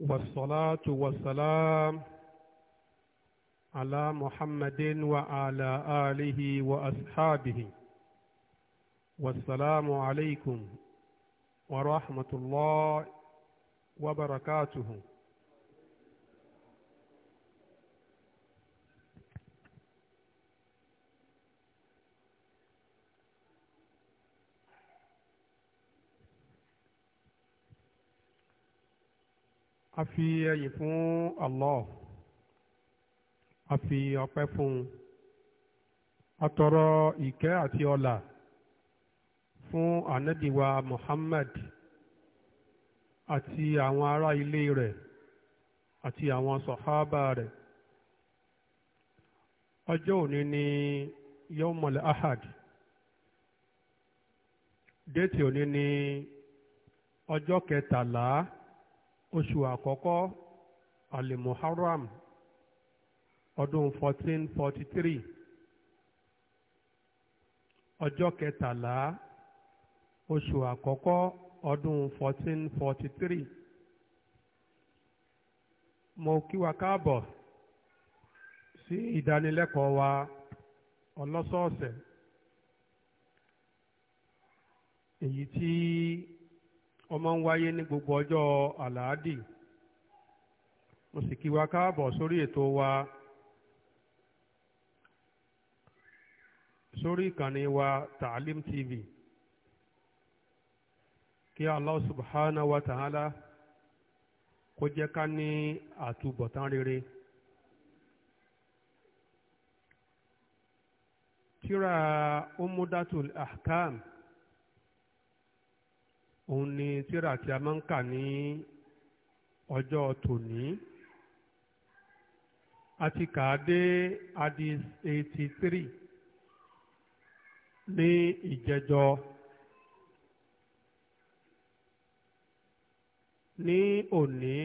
والصلاة والسلام على محمد وعلى آله وأصحابه والسلام عليكم ورحمة الله وبركاته a fi ẹyìn fún Allah a fi ọpẹ́ fún atọrọ a àti ọlà fún ànábìwa Muhammad àti àwọn ará ilé rẹ àti àwọn sọ̀hábà rẹ ọjọ́ òní ni yomol ahad déètì òní ni ọjọ́ kẹtàlá. oṣù àkọ́kọ́ alimuharram ọdún 1443 ọjọ́ kẹtàlá oṣù àkọ́kọ́ ọdún 1443 mo kí wa káàbọ̀ sí ìdánilẹ́kọ̀ọ́ wa ọlọ́sọ̀ọ̀sẹ̀ èyí tí. ó máa ń wáyé ní gbogbo ọjọ́ àlàádì mo sì kí wa káàbọ̀ sórí ètò wa sórí ìkànnì wa Taalim TV kí Allah subhanahu wa ta'ala kó jẹ́ ká ní àtúbọ̀tán rere. tíra umudatul ahkam. òun ni tírà tí a máa ń kà ní ọjọ́ tòní a ti kà á dé ní ìjẹjọ ní òní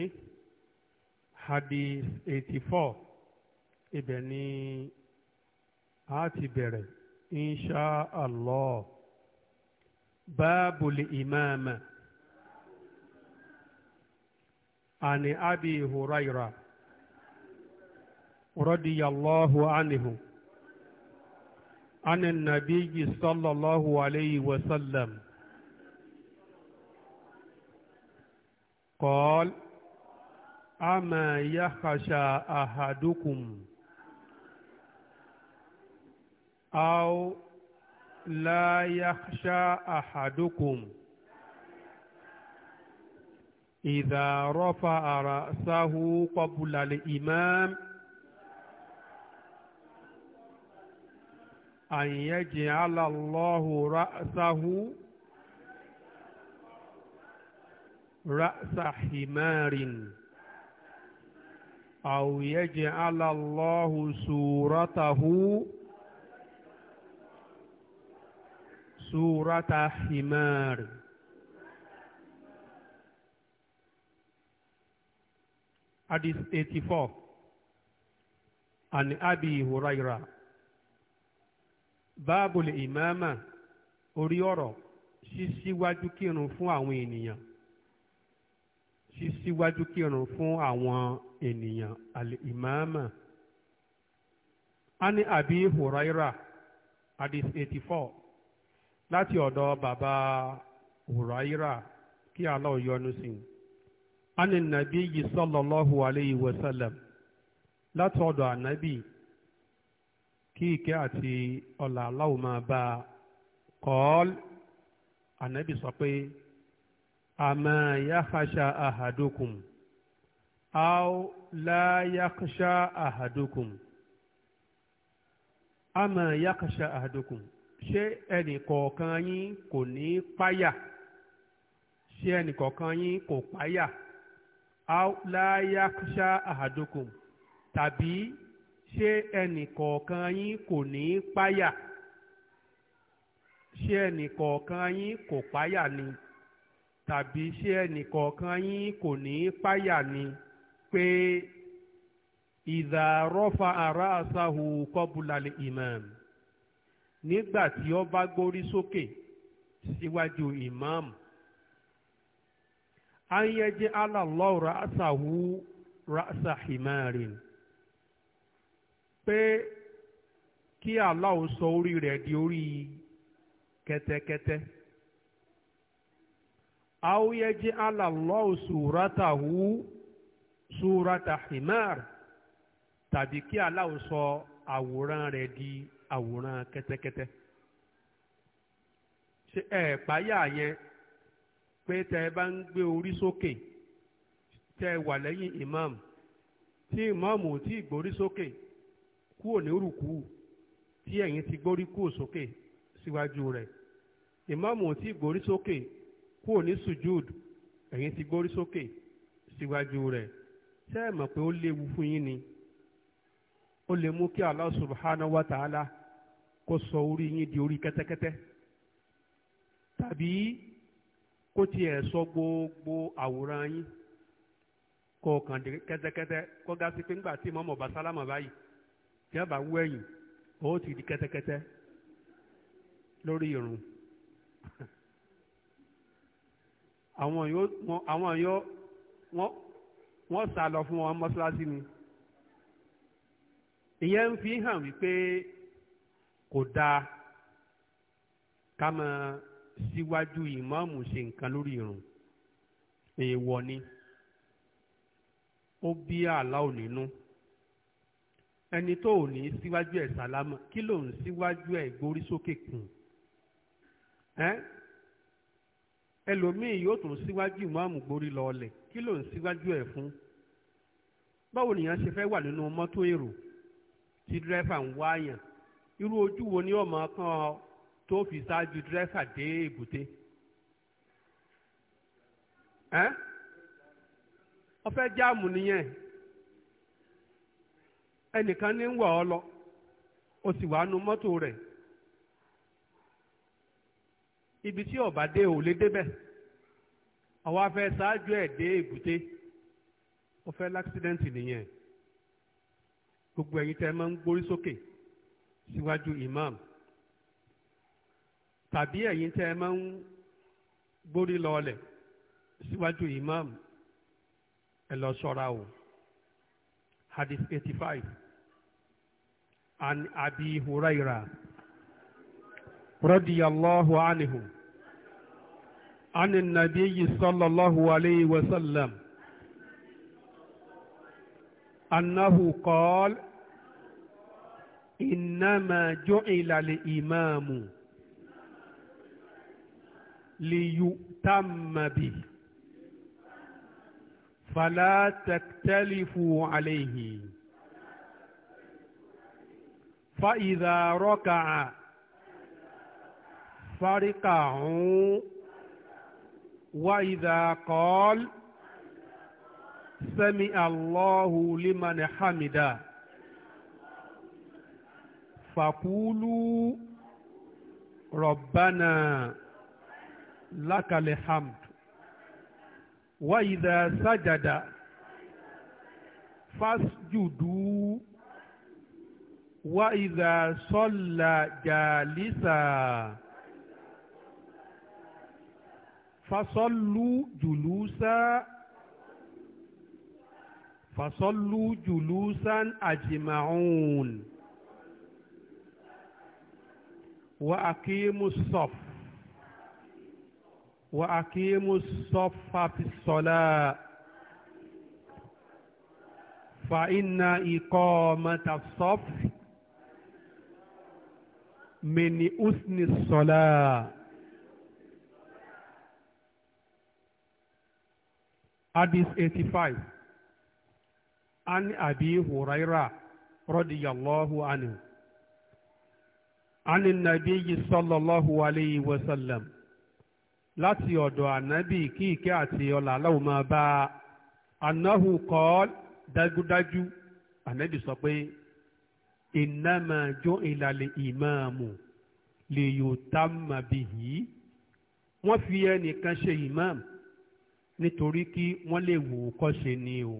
hadis eighty four ibẹ̀ ni a ti bẹ̀rẹ̀ inshallah باب الإمامة عن أبي هريرة رضي الله عنه عن النبي صلى الله عليه وسلم قال أما يخشى أحدكم أو لا يخشى أحدكم إذا رفع رأسه قبل الإمام أن يجعل الله رأسه رأس حمار أو يجعل الله صورته surata himar hadith 84 an abi huraira báàbùlì ìmáàmà orí Sisi ṣíṣíwájú kírun fún àwọn ènìyàn ṣíṣíwájú kírun fún àwọn ènìyàn àlè ìmáàmà a ní àbí huraira hadith 84 láti ọ̀dọ̀ bàbá Hùráírà kí Allah yọ́nú sí i. Ani nàbí yìí sallallahu alayhi wa sallam láti ọ̀dọ̀ ànábì kí ìkẹ́ àti ọ̀là Allah máa bá a kọ́ọ́l ànábì sọ pé àmà aw la yakhsha àmà yakhsha ahadukum. ṣé ẹnìkọ̀ọ̀kan yín kò ní páyà ṣé ẹnìkọ̀ọ̀kan yín kò páyà tàbí ṣé ẹnìkọ̀ọ̀kan yín kò ní páyà ṣé ẹnìkọ̀ọ̀kan yín kò páyà ni tàbí ṣé ẹnìkọ̀ọ̀kan yín kò ní páyà ni pé ìdàrọ́fà ara àṣàhù kọ́bùlà imam. nígbà tí ó bá gbórí sókè síwájú ìmáàmù ala alalọ rasahu rasa himarin pé kí Allah sọ orí rẹ̀ di orí kẹ́tẹ́kẹ́tẹ́ ayẹjẹ alalọ suratahu surata himar tàbí kí Allah sọ àwòrán rẹ̀ di àwòrán kẹ́tẹ́kẹ́tẹ́ ṣe ẹ páyà yẹn pé tẹ ẹ bá ń gbé orí sókè tẹ ẹ wà lẹ́yìn imam tí imam ò tí ì gbórí sókè kúò ní rùkú tí ẹ̀yin ti gbórí kúò sókè síwájú rẹ̀ imam ò tí ì gbórí sókè kúò ní sujud ẹ̀yin ti gbórí sókè síwájú rẹ̀ tẹ́ ẹ mọ̀ pé ó léwu fún yín ni ó lè mú kí Allah subhanahu wa ta'ala kó sọ orí yín di ori kẹtẹkẹtẹ tàbí sọ gbogbo àwòrán yín kó kàn di kẹ́tẹ́kẹ́tẹ́ kó ga sí pé ńgbà tí mọ́mọ́ bá sálámà báyìí tí wọ́n bá wú ẹ̀yìn o ti di kẹtẹkẹtẹ lórí irun àwọn yóò àwọn yóò wọn wọn fún wọn ni ìyẹn ń wípé. kò dáa ká máa síwájú ìmáàmù ṣe nǹkan lórí irun èèwọ̀ ni ó bí àlá ò nínú ẹni tó ò ní síwájú ẹ̀ sálámà kí ló ń síwájú ẹ̀ gbórí sókè kùn ẹ́ ẹlòmíì yóò tún síwájú ìmáàmù gbórí lọ́ọ̀lẹ̀ kí ló ń síwájú ẹ̀ fún báwo nìyẹn ṣe fẹ́ wà nínú mọ́tò èrò tí dírẹ́fà ń wáyàn irú ojú wo ni ọmọ kan tó fi ṣáájú dírẹ́fà dé èbúté ẹ́ ọ jáàmù nìyẹn ẹnìkan ní ń wọ̀ ọ lọ o sì wà nu mọ́tò rẹ ibi tí ọba dé ò lè débẹ̀ àwa fẹ́ ṣáájú ẹ̀ dé èbúté ó fẹ́ nìyẹn gbogbo ẹ̀yin tẹ ẹ máa ń gbórí síwájú imam tàbí ẹ̀yin tẹ́ ẹ máa ń gbórí lọ́ọ̀lẹ̀ síwájú imam ẹ lọ ṣọ́ra o hadith eighty five an abi huraira radiyallahu anhu an nabiyyi sallallahu alayhi wa sallam annahu qala إنما جعل الإمام ليؤتم به فلا تختلفوا عليه فإذا ركع فرقعوا وإذا قال سمع الله لمن حمده فقولوا ربنا لك الحمد وإذا سجد فاسجدوا وإذا صلى جالسا فصلوا جلوسا فصلوا جلوسا أجمعون wa akimu sọf wa akimu sọfa fi sọlá fa inna ikọ mata sọf mini usni sọlá. Hadith 85 An Abi Huraira radiyallahu anhu عن النبي صلى الله عليه وسلم láti ọ̀dọ̀ ànábì kí ìkẹ́ àti ọlà aláwọ̀ máa bá a anahu kọ́ọ́l dájúdájú ànábì sọ pé innama ju'ila al-imamu liyutamma bihi wọ́n fi ẹnìkan ṣe imam nítorí kí wọ́n lè wò ó kọ́ ṣe ni o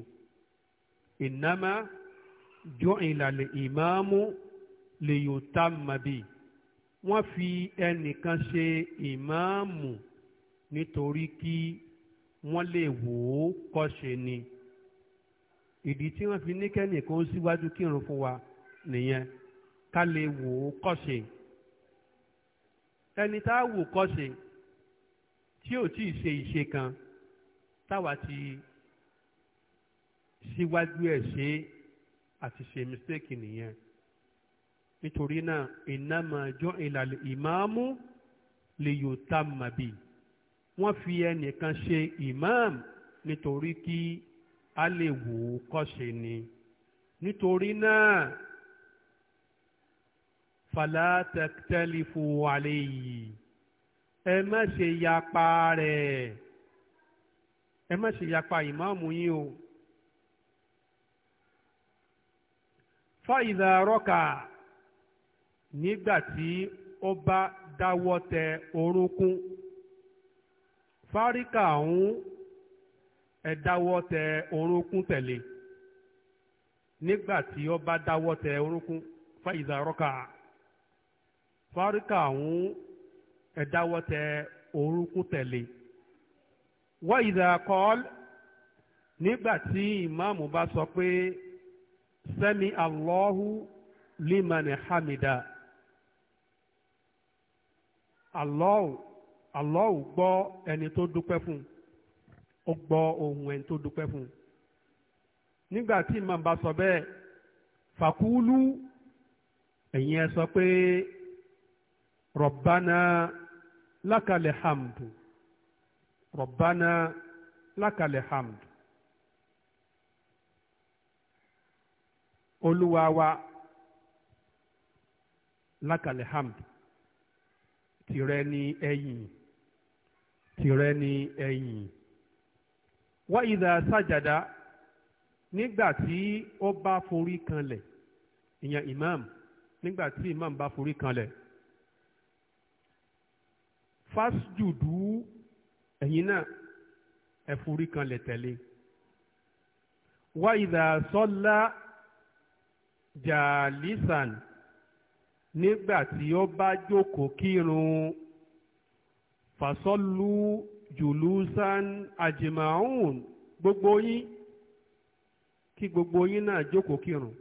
innama ju'ila al-imamu liyutamma bihi wọ́n fi ẹnìkan ṣe ìmáàmù nítorí kí wọ́n lè wò ó kọ́ṣe ni ìdí tí wọ́n fi ní kẹ́nìkan ó síwájú kírun fún wa nìyẹn ká lè wò ó kọ́ṣe ẹni tá a wò kọ́ṣe tí ò tí ì ṣe ìṣe kan táwa ti síwájú ẹ̀ ṣe àti ṣe mistake nìyẹn nítorí náà innama ju'ila al-imamu liyutamma bi wọ́n fi ẹnìkan ṣe imam nítorí kí a lè wò ó kọ́ṣe ni nítorí náà fala taktalifu alayhi ẹ má ṣe yapa rẹ̀ ẹ má ṣe yapa ìmáàmù yín o fa idha raka. nígbà tí ó bá dáwọ́ tẹ orúnkún fáríkà ọ̀hún ẹ tẹ orúnkún tẹ̀lé nígbà tí ó bá dáwọ́ tẹ orúnkún fáìzà rọ́kà fáríkà ọ̀hún ẹ tẹ orúnkún tẹ̀lé wáìzà kọ́ọ́l nígbà tí ìmáàmù bá sọ pé sẹ́mi liman hamida. Allah Allah gbọ́ ẹni tó dúpẹ́ fún un ó gbọ́ ohùn ẹni tó dúpẹ́ fún un nígbà tí màá bá sọ bẹ́ẹ̀ fàkúlù ẹ̀yin ẹ sọ pé rọ̀bánà lákàlẹ̀ hamdu rọ̀bánà lákàlẹ̀ hamdu olúwa wa lákàlẹ̀ hamdu tìrẹ ni ẹ̀yìn tìrẹ ni ẹ̀yìn wá ìdá sàjàdá nígbà tí ó bá forí kanlẹ̀ ìyẹn imam nígbà tí imam bá forí kanlẹ̀ fásjùdú ẹ̀yin náà ẹ forí kanlẹ̀ tẹ̀lé wá ìdá sọ́lá jàlísàn. nígbà tí ó bá jókòó kírun fasọ́lù jùlùsàn àjìmáhùn gbogbo yín kí gbogbo yín náà jókòó kírun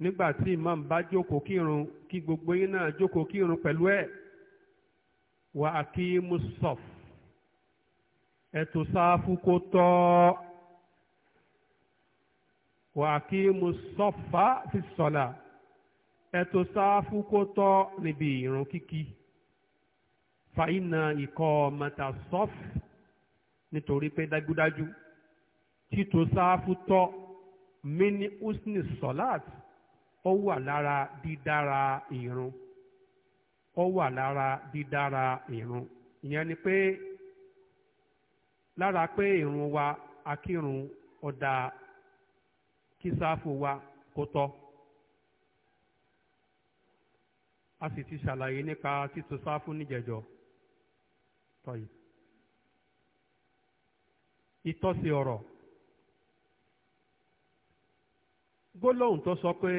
nígbà tí imam bá jókòó kírun kí gbogbo yín náà jókòó kírun pẹ̀lú ẹ̀ wà á kí musaf ẹ̀tùsáfù kó tọ́ wàkímù sọ́fà fi sọ̀là ẹ̀tọ́ sáfù kó tọ́ níbi ìrun kíkí fàyínà ikọ̀ mẹ́ta sọ́f nítorí pé dájúdájú títò sáfù tọ́ mini usni sọ̀láàt ó wà lára dídára ìrun ó wà lára dídára ìrun ìyẹn ni pé lára pé wa akírun ọ̀dà kí sáfù wa kó tọ́ a sì ti ṣàlàyé nípa títò sáfù níjẹ̀jọ́ tọ́yì ìtọ́sí ọ̀rọ̀ gbólóhùn tó sọ pé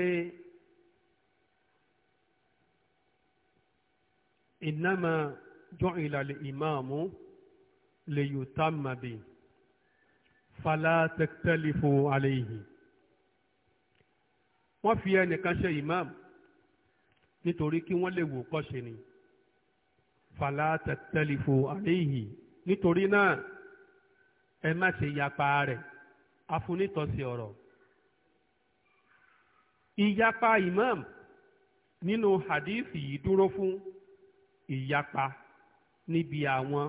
ìnáma ju'ila al-imamu li yutamma bi fala taktalifu alayhi wọ́n fi ẹnìkan ṣe imam nítorí kí wọ́n lè wò kọ́ṣe ni fàlà tẹ̀tẹ̀lifò àríyì nítorí náà ẹ má ṣe yapa rẹ̀ afunítọ́sí ọ̀rọ̀ ìyapa imam nínú hadith yìí dúró fún ìyapa níbi àwọn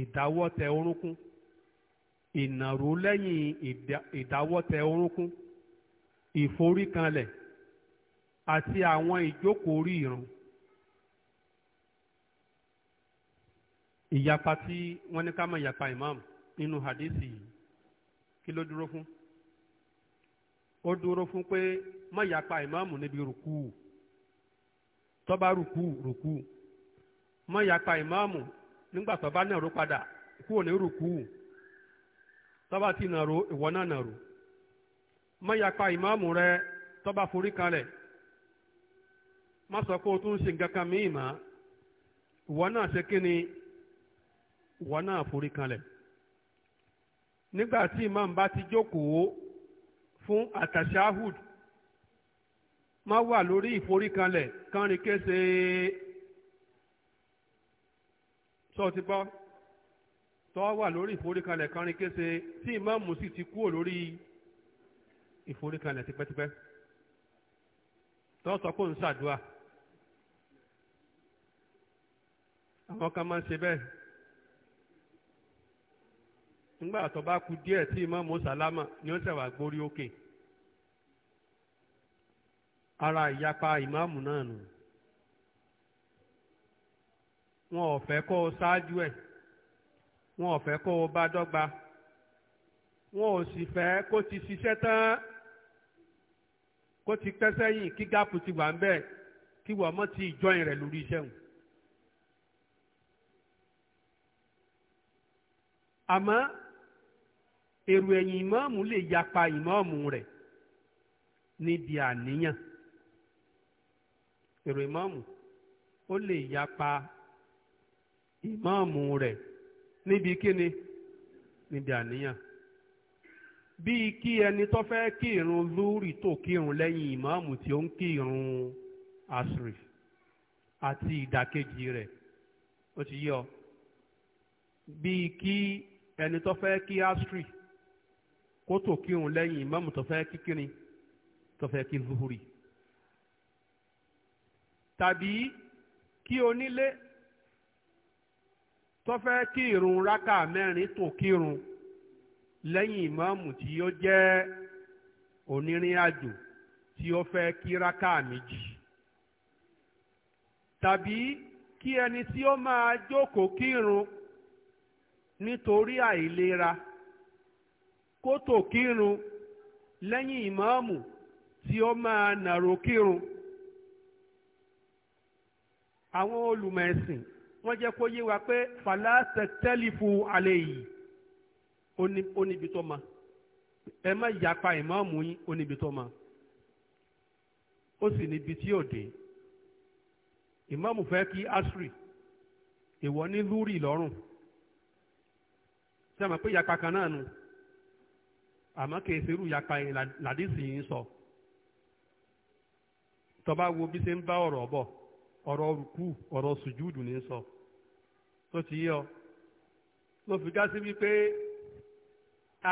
ìdáwọ́tẹ̀ orúnkún ìnàró lẹ́yìn ìdáwọ́tẹ̀ orúnkún. ìforíkanlẹ̀ àti àwọn ìjókòó orí irun ìyapa tí wọ́n ní ká máa imam nínú hadisi yìí kí ló dúró fún ó dúró fún pé má yapa imam níbi rùkú tó bá rùkú rùkú má yapa imam nígbà tó bá nàró padà kúrò ní rùkú tó ti ìwọ náà nàró. má yapa ìmáàmù rẹ tó bá forí kalẹ̀ má sọ pé o tún ṣe nǹkan kan míì mọ́ ìwọ náà ṣe kí ni ìwọ náà forí kalẹ̀ nígbà tí ìmáàmù bá ti jókòó fún àtàṣáhùd má wà lórí ìforíkalẹ̀ kánrin kése sọ ti bọ́ tọ́ wà lórí ìforíkalẹ̀ kánrin kése tí ìmáàmù sì ti kúrò lórí ìforíkanlẹ̀ tipẹ́tipẹ́ tọ́sọ kó ń ṣàdúrà àwọn kan máa ń ṣe bẹ́ẹ̀ nígbà tó bá kù díẹ̀ tí ìmáàmù sálámà ni ó ṣẹ̀wà gbórí òkè ara ìyapa ìmáàmù náà nù wọn ò fẹ́ kó o ṣáájú ẹ̀ wọn ò fẹ́ kó o bá dọ́gba wọn ò sì fẹ́ kó ti ṣiṣẹ́ tán kó ti pẹ́ sẹ́yìn kí gáàpù ti wà ń bẹ́ẹ̀ kí wọ́n mọ́ ti join rẹ̀ lórí iṣẹ́ wọn. àmọ́ èrò ẹ̀yìn ìmọ̀ọ́mù lè yapa ìmọ̀ọ́mù rẹ̀ níbi àníyàn èrò ìmọ̀ọ́mù ó lè yapa ìmọ̀ọ́mù rẹ̀ níbi kíni níbi àníyàn bíi kí ẹni tó fẹ́ kírun lórí tó kírun lẹ́yìn ìmáàmù tí ó ń kírun asiri àti ìdàkejì rẹ̀ ó ti yọ bíi kí ẹni tó fẹ́ kí asiri kó tó kírun lẹ́yìn ìmáàmù tó fẹ́ kí tó fẹ́ kí lórí tàbí kí onílé tó fẹ́ kírun rákà mẹ́rin tó kírun lẹ́yìn ìmáàmù tí ó jẹ́ onírìn àjò tí ó fẹ́ kí rákà méjì tàbí kí ẹni tí ó máa jókòó kírun nítorí àìlera kó tó kírun lẹ́yìn ìmáàmù tí ó máa nàró kírun àwọn olùmọ̀ ẹ̀sìn wọ́n jẹ́ kó yé wa pé fàlàsẹ̀ tẹ́lifù àlẹ́ yìí ó níbi ma ẹ má yapa ìmáàmù yín ó ma ó sì níbi tí ò dé ìmáàmù fẹ́ kí asri ìwọ ní lúrì lọ́rùn ṣé àmọ́ pé yapa kan náà nu àmọ́ kì í ṣe irú yapa yẹn làdísì yìí ń sọ tọba wo bí ṣe ń bá ọ̀rọ̀ bọ̀ ọ̀rọ̀ rùkú ọ̀rọ̀ sùjúdù ní sọ tó ti yọ lọ fi gá wípé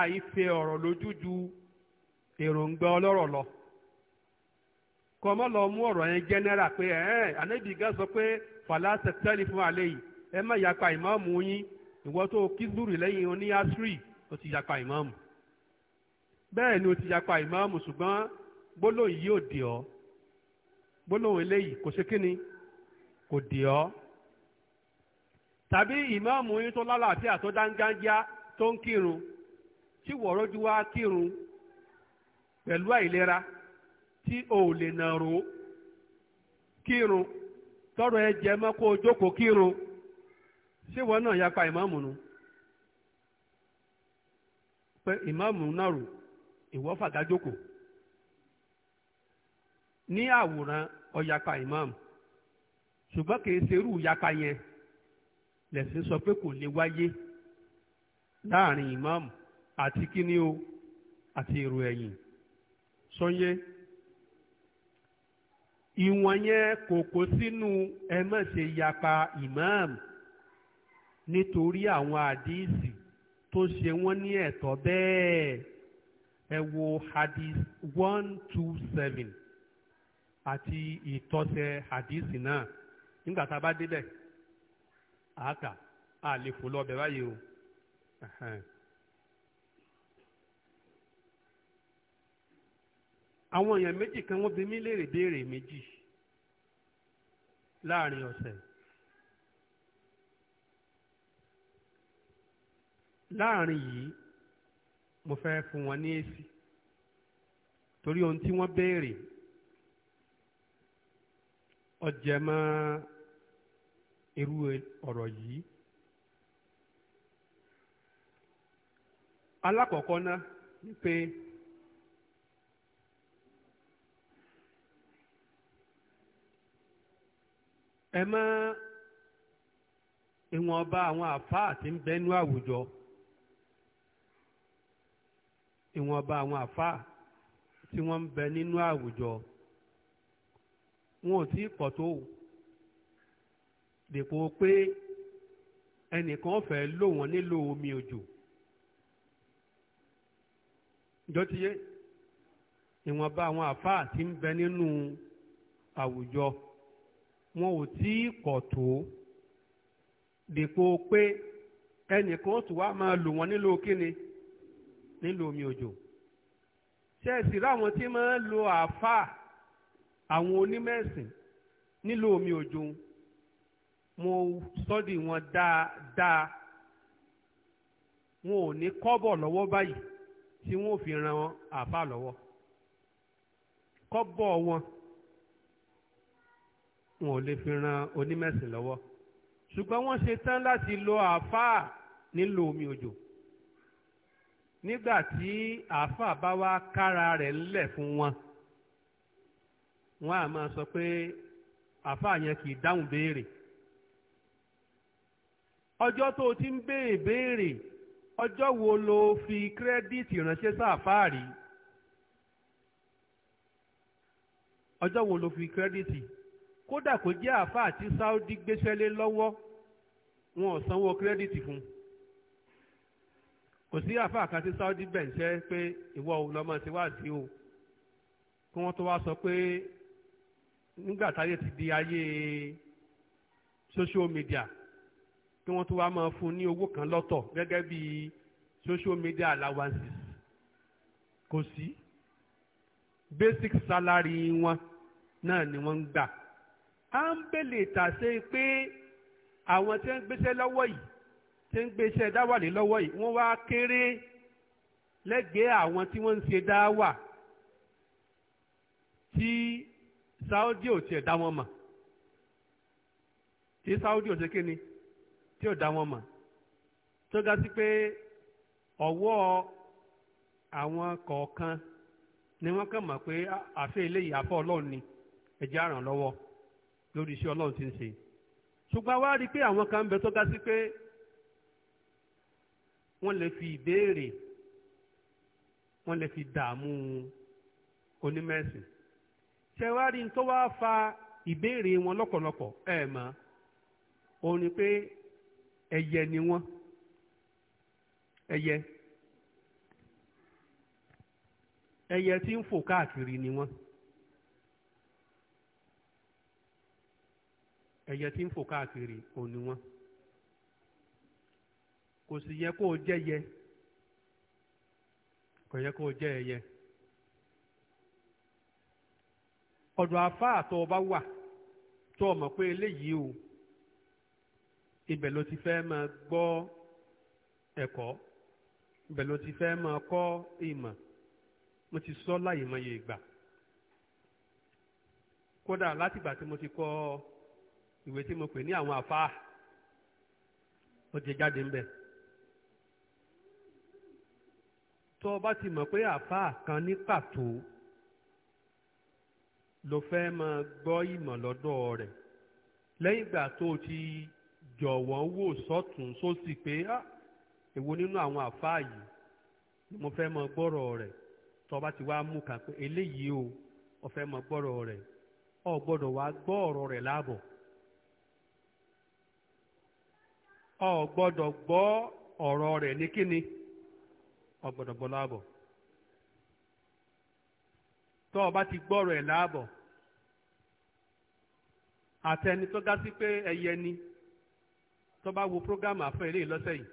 àìfẹ́ ọ̀rọ̀ lójú ju èròǹgbà ọlọ́rọ̀ lọ kọmọ lọ mú ọ̀rọ̀ yẹn jẹnẹra pé ẹn anabi gan sọ pé fàlà sẹtẹlì fún alẹ yìí ẹ má yapa ìmáàmù yín ìwọ tó kí zuri lẹ́yìn oní asiri ó ti yapa ìmáàmù bẹ́ẹ̀ ni ó ti yapa ìmáàmù ṣùgbọ́n gbólóhùn yìí ò dì ọ́ gbólóhùn eléyìí kò ṣe kíni kò dì ọ́ tàbí ìmáàmù yín tó lálàáfíà tó dáńgájíá tó ń kírun tí wọ̀rọ́jú wá kírun pẹ̀lú àìlera tí o lè nà ró kírun tọrọ ẹ jẹ mọ́ kó o jókòó kírun ṣé wọn náà yapa ìmáàmù nu pé ìmáàmù náà rò ìwọ fàdájókòó ní àwòrán ọ ọ̀yapa ìmáàmù ṣùgbọ́n kì í ṣe irú ìyapa yẹn lẹ̀sìn sọ pé kò lè wáyé láàrin ìmáàmù àti kíní o àti èrò ẹ̀yìn sọ́yé ìwọ̀n yẹn kò kó sínú ẹ má ṣe yapa ìmáàmù nítorí àwọn àdíìsì tó ṣe wọ́n ní ẹ̀tọ́ bẹ́ẹ̀ ẹ wo hadith one two seven àti ìtọ́sẹ̀ hadith náà nígbà tá a bá débẹ̀ àákà a lè fò lọ bẹ̀ báyìí o. Uh-huh. àwọn èèyàn méjì kan wọ́n bi mí léèrè béèrè méjì láàrin ọ̀sẹ̀ láàrin yìí mo fẹ́ fún wọn ní èsì torí ohun tí wọ́n béèrè ó jẹ mọ́ irú ọ̀rọ̀ yìí alákọ̀ọ́kọ́ ná ni pé. ẹ mọ́ ìwọ̀nba àwọn àfáà tí ń bẹ́nu àwùjọ ìwọ̀nba àwọn àfáà tí wọ́n ń bẹ nínú àwùjọ wọn ò tí ì pọ̀ tó dèpò pé ẹnìkan fẹ́ lò wọ́n nílò omi òjò jọ ti ìwọ̀nba àwọn àfáà tí ń bẹ nínú àwùjọ wọn ò tí ì pọ̀ tó dèpo pé ẹnìkan tún wá máa lò wọ́n nílò kíni nílò omi òjò ṣẹ́ẹ̀sì láwọn tí máa ń lo àáfàá àwọn onímẹ̀sìn nílò omi òjò mo sọ́dì wọn dáadáa wọn ò ní kọ́bọ̀ lọ́wọ́ báyìí tí wọn ò fi ran àáfàá lọ́wọ́ kọ́bọ̀ wọn wọn ò lè fi ran onímẹ̀sìn lọ́wọ́ ṣùgbọ́n wọ́n ṣe tán láti lo àáfàá nílò omi òjò nígbà tí àáfàá bá wá kára rẹ̀ ńlẹ̀ fún wọn wọn á sọ pé àáfàá yẹn kì í dáhùn béèrè ọjọ́ tó ti ń béèrè béèrè ọjọ́ wo lo fi kírẹ́díìtì ránṣẹ́ sáàfáà rí ọjọ́ wo lo fi kírẹ́díìtì kódà kó jẹ́ àáfàá tí Saudi gbéṣẹ́ lé lọ́wọ́ wọn ò sanwó kírẹ́dìtì fún un kò sí àáfàá kan Saudi bẹ̀ǹṣẹ́ pé ìwọ ò lọ́mọ ti wá sí o kí wọ́n tó wá sọ pé nígbà táyé ti di ayé social media kí wọ́n tó wá máa fún ní owó kan lọ́tọ̀ gẹ́gẹ́ bí social media allowances kò sí basic salary wọn náà ni wọ́n ń gbà à ń bèlè tàṣe pé àwọn tí ń gbéṣẹ́ lọ́wọ́ yìí tí ń gbéṣẹ́ dáwà lé lọ́wọ́ yìí wọ́n wá kéré lẹ́gbẹ̀ẹ́ àwọn tí wọ́n ń ṣe dáwà tí Saudi ò tiẹ̀ dá wọn mọ̀ tí Saudi ò ṣe kí tí ò dá wọn mọ̀ tó ga sí pé ọwọ́ àwọn kọ̀ọ̀kan ni wọ́n kàn mọ̀ pé ah, àfẹ́ eléyìí àfọ́ ọlọ́run ni ẹ̀jẹ̀ àràn lọ́wọ́ lórí iṣẹ́ ọlọ́run ti ń ṣe ṣùgbọ́n wá rí i pé àwọn kan ń bẹ tó ga sí pé wọ́n lè fi ìbéèrè wọ́n lè fi dààmú onímẹ̀sìn ṣe wá rí tó wá fa ìbéèrè wọn lọ́pọ̀lọpọ̀ ẹ mọ̀ òun ni pé ẹyẹ ni wọ́n ẹyẹ ẹyẹ tí ń fò káàkiri ni wọ́n. ẹyẹ tí ń fò káàkiri òun ni wọ́n kò sì yẹ kó o jẹ́ yẹ kò yẹ kó o jẹ́ ẹyẹ ọ̀dọ̀ àfáà tó o bá wà tó o pé eléyìí o ibẹ̀ ló ti fẹ́ máa gbọ́ ẹ̀kọ́ ibẹ̀ ló ti fẹ́ máa kọ́ ìmọ̀ mo ti sọ láyìí mọ́ iye ìgbà kódà látìgbà tí mo ti kọ́ ọ ìwé tí mo pè ní àwọn àfáà ó ti jáde ń bẹ̀. tó o bá ti mọ̀ pé àfáà kan ní pàtó ló fẹ́ máa gbọ́ ìmọ̀ lọ́dọ̀ rẹ̀ lẹ́yìn ìgbà tó o ti jọ̀wọ́ wò sọ́tún sósì pé èwo nínú àwọn àfáà yìí ni mo fẹ́ máa gbọ́rọ̀ rẹ̀ tó o bá ti wá mú kàn pé eléyìí o o fẹ́ máa gbọ́rọ̀ rẹ̀ o gbọ́dọ̀ wá gbọ́ ọ̀rọ̀ rẹ̀ láàbọ̀. ọ gbọ́dọ̀ ọrọ rẹ rẹ̀ ní kíni ọ gbọ́dọ̀ gbọ́ láàbọ̀ tó bá ti gbọrọ ọ̀rọ̀ ẹ̀ láàbọ̀ àtẹni tó dá sí pé ẹyẹ ni tó bá wo prógámù àfẹ́ eléyìí lọ́sẹ̀ yìí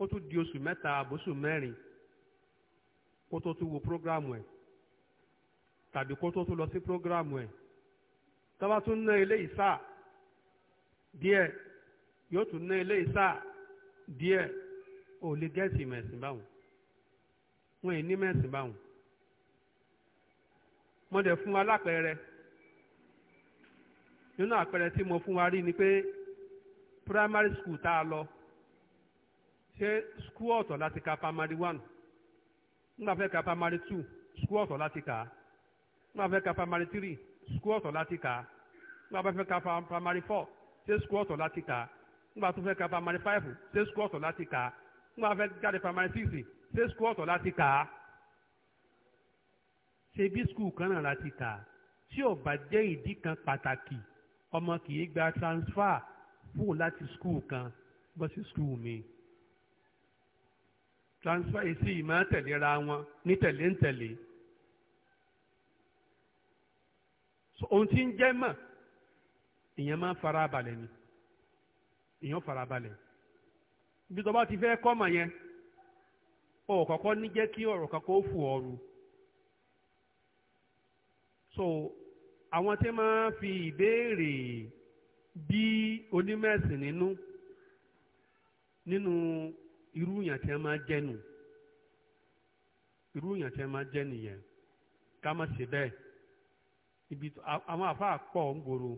ó tún di oṣù mẹ́ta àbóṣù mẹ́rin kó tó tún wo prógámù ẹ̀ tàbí kó tó tún lọ sí prógámù ẹ̀ bá tún ná eléyìí sáà díẹ̀ yóò tún ná ilé ìsáà díẹ̀ ò lè gẹ́ẹ̀sì mẹ̀sìn báwọn wọn ì ní mẹ̀sìn báwọn mo dẹ̀ fún wa lápẹẹrẹ nínú àpẹẹrẹ tí mo fún wa rí ni pé primary school tá a lọ ṣé school ọ̀tọ̀ láti ka primary one nígbà fẹ́ ka primary two school ọ̀tọ̀ láti kà á nígbà fẹ́ ka primary three school ọ̀tọ̀ láti kà á nígbà fẹ́ ka primary four ṣé school ọ̀tọ̀ láti kà á nígbà tó fẹ́ ka primary five ṣé sukú ọ̀tọ̀ láti kà á nígbà fẹ́ jáde primary six ṣé sukú ọ̀tọ̀ láti kà á ṣe bí sukú kan náà láti kà á tí ò bá jẹ́ ìdí kan pàtàkì ọmọ kì í gba transfer fún láti sukú kan bọ́ sí sukú mi transfer èsì ìmọ̀ tẹ̀léra wọn ní tẹ̀lé ń tẹ̀lé ohun tí ń jẹ́ mọ̀ èèyàn máa ń fara balẹ̀ ni. èèyàn balẹ̀. ibi tó bá ti fẹ́ kọ́mọ̀ yẹn ọ̀rọ̀ kọ̀ọ̀kan ní jẹ́ kí ọ̀rọ̀ kankan ó fò so àwọn tí máa fi ìbéèrè bí onímẹ̀sìn nínú nínú irú yàn tí máa jẹ́nu irú yàn tí máa jẹ́ ká má se bẹ́ẹ̀ ibi àwọn ń gbòòrò.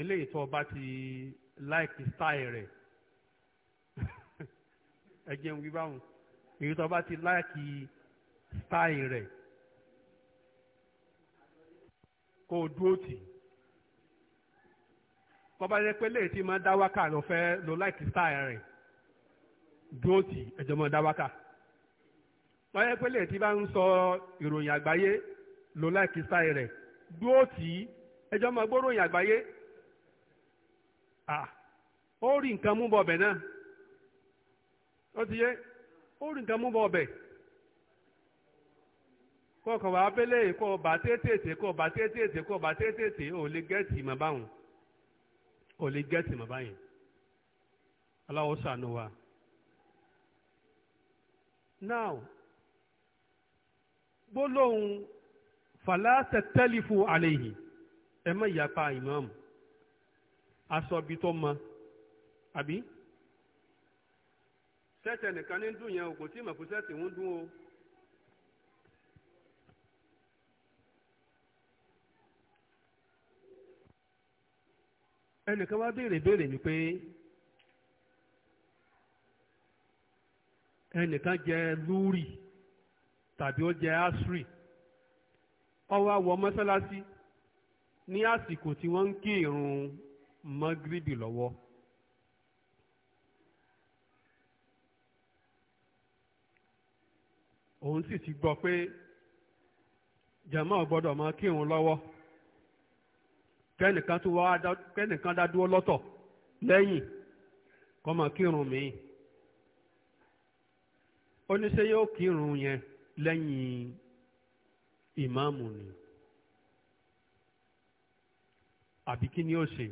eléyìí tó o bá ti like style rẹ̀ ẹ jẹun wí báwọn èyí tó o bá ti láìkì style rẹ̀ kó o dúró tì kọ́ba yẹ pé léyìí tí máa dá wákà ló fẹ́ lo láìkì style rẹ̀ dúró tì ẹ̀jọ̀ máa dá wákà wọ́n yẹ pé léyìí tí bá ń sọ ìròyìn àgbáyé lo láìkì style rẹ̀ dúró tì ẹjọ́ máa gbóròyìn àgbáyé ó rí nǹkan mú bọ náà ó ti yé ó rí nǹkan mú bọ abẹ́lẹ̀ kọ ọba tètè kọ ọba tètè kọ ọba tètè ò lè gẹ́ẹ̀tì mọ̀ báwọn ò lè le mọ̀ ma Allah ó ṣàánú wa. now gbólóhùn fàlásẹ̀ tẹ́lifù àlẹ́ yìí ẹ mọ̀ ìyapa asọ̀bi tó mọ àbí sẹ́ẹ̀tì ẹnìkan ní dùn yẹn o kò tí ì mọ̀ pé sẹ́ẹ̀tì ń dùn o. ẹnìkan wá béèrè béèrè mi pé ẹnìkan jẹ lúrì tàbí ó jẹ asri ó wá mọ́sálásí ní àsìkò tí wọ́n ń kí ìrun mọ́gíríbì lọ́wọ́. òun sì ti gbọ́ pé jàmáà gbọ́dọ̀ máa kírun lọ́wọ́ kẹ́nìkan tó wá kẹ́nìkan dá dúró lọ́tọ̀ lẹ́yìn kó máa kírun míì ó ní ṣé yóò kírun yẹn lẹ́yìn ìmáàmù ni àbí kí ni ó ṣe.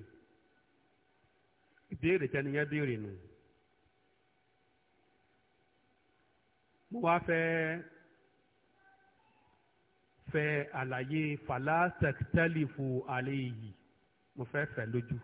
ìbéèrè tẹniyẹn béèrè nù. mo wá fẹ́ fẹ́ àlàyé fàlà tẹ̀kítẹ́lì fún àlẹ́ yìí mo fẹ́ fẹ́ lójú.